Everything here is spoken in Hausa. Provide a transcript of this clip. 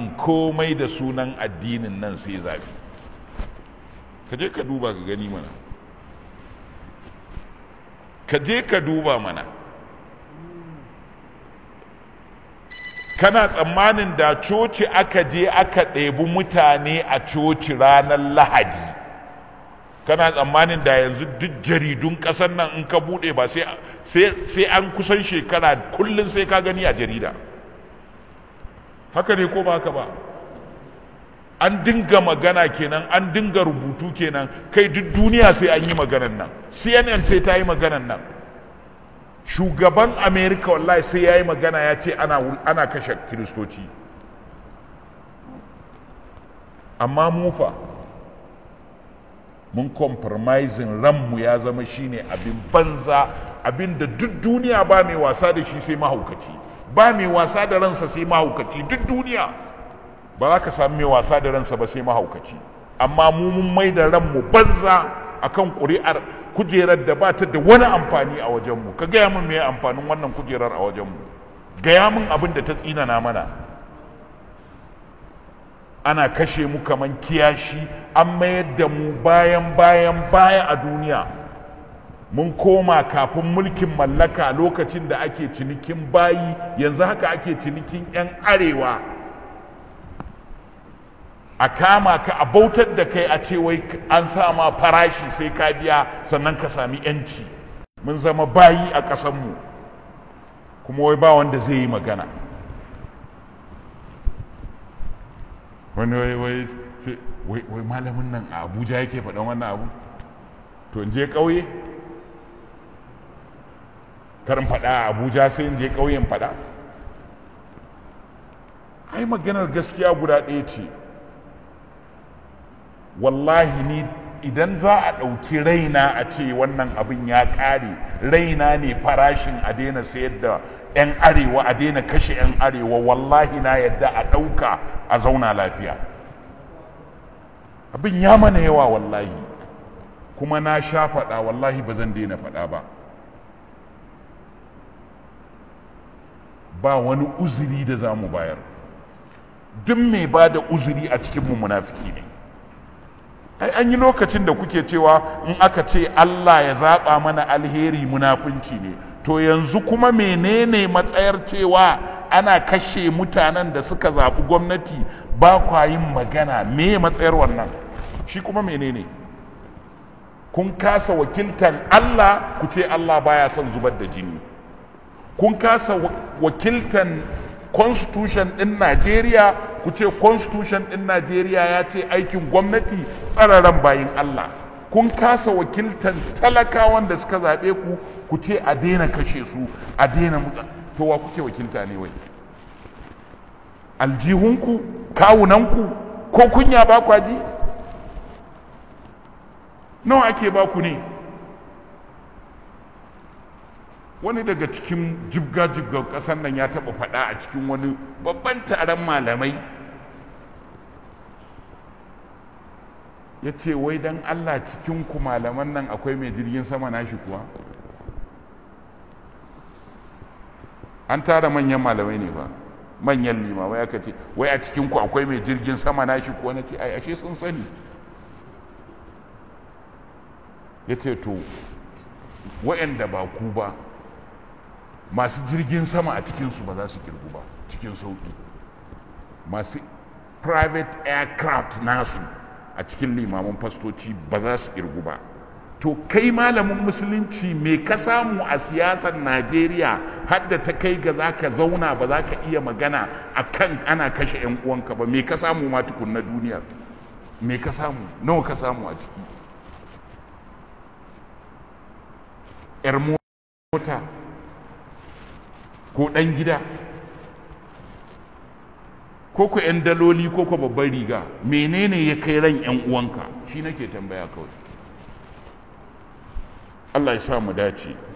yin komai da sunan addinin nan sai zafi ka je ka duba ka gani mana ka je ka duba mana kana tsammanin da coci aka je aka ɗebi mutane a coci ranar lahadi kana tsammanin da yanzu duk jaridun ƙasar nan in ka buɗe ba sai an kusan shekara kullum sai ka gani a jarida haka ne ko ba haka ba an dinga magana kenan an dinga rubutu kenan kai duk duniya sai an yi maganan nan cnn sai ta yi maganan nan shugaban america wallahi sai ya yi magana ya ce ana, ana kashe kiristoci amma mufa mun compromising ranmu ya zama shine abin banza abin da duk duniya ba mai wasa da shi sai mahaukaci ba mai wasa da ransa sai mahaukaci duk duniya ba za ka sami mai wasa da ransa ba sai mahaukaci amma mu mun mai da ranmu banza akan ƙuri'ar kujerar da ba ta da wani amfani a wajenmu ka gaya min me amfanin wannan kujerar a wajenmu gaya min abin da ta tsinana mana ana kashe mu kaman kiyashi an mayar da mu bayan bayan baya a duniya mun koma kafin mulkin mallaka lokacin da ake cinikin bayi yanzu haka ake cinikin 'yan arewa a kama ka a bautar da kai a ce wai an sama farashi sai ka biya sannan ka sami 'yanci mun zama bayi a ƙasanmu kuma wai ba wanda zai yi magana wani wai malamin nan a abuja yake faɗan wannan abu to je ƙauye karin fada a abuja sai in je ƙauyen fada ai maganar gaskiya guda ɗaya ce wallahi ni idan za a ɗauki raina a ce wannan abin ya ƙare raina ne farashin a daina sayar da 'yan arewa a daina kashe 'yan arewa wallahi na yadda a ɗauka a zauna lafiya abin ya mana yawa wallahi kuma na sha faɗa wallahi ba zan daina faɗa ba ba wani uzuri da za mu bayar duk mai ba da uzuri a cikinmu munafiki ne ai an yi lokacin da kuke cewa in aka ce allah ya zaɓa mana alheri munafunci ne to yanzu kuma menene matsayar cewa ana kashe mutanen da suka zaɓi gwamnati ba kwa yin magana me matsayar wannan shi kuma menene kun kasa wakiltan allah ku ce allah baya son zubar da jini kun kasa wakiltan constitution ɗin najeriya ku ce constitution ɗin najeriya ya ce aikin gwamnati tsararan bayin allah kun kasa wakiltan talakawan da suka zaɓe ku ku ce a daina kashe su a daina to wa kuke wakilta ne wai aljihunku kawunanku ko kunya ba ji nawa ake ku ne wani daga cikin jibga jibga ƙasar nan ya taɓa faɗa a cikin wani babban taron malamai ya ce wai don allah cikin ku malaman nan akwai mai jirgin sama nashi kuwa an tara manyan malamai ne ba manyan limamai aka ce wai a cikin ku akwai mai jirgin sama nashi kuwa na ce ai ashe sun sani ya ce to wa'anda ba ku ba masu jirgin sama a cikinsu ba za su kirgu ba cikin sauki masu private aircraft nasu a cikin limamin fastoci ba za su kirgu ba to kai malamin musulunci me ka samu a siyasar najeriya hadda ta kai ga za ka zauna ba za ka iya magana a kan ana kashe 'yan uwanka ba me ka samu ma tukun na duniyar me ka samu nawa ka samu a ciki 'yar mota ko ɗan gida ko ku 'yan daloli ko ku babban riga menene ya kai ran 'yan uwanka shi nake tambaya kawai Allah ya sa mu dace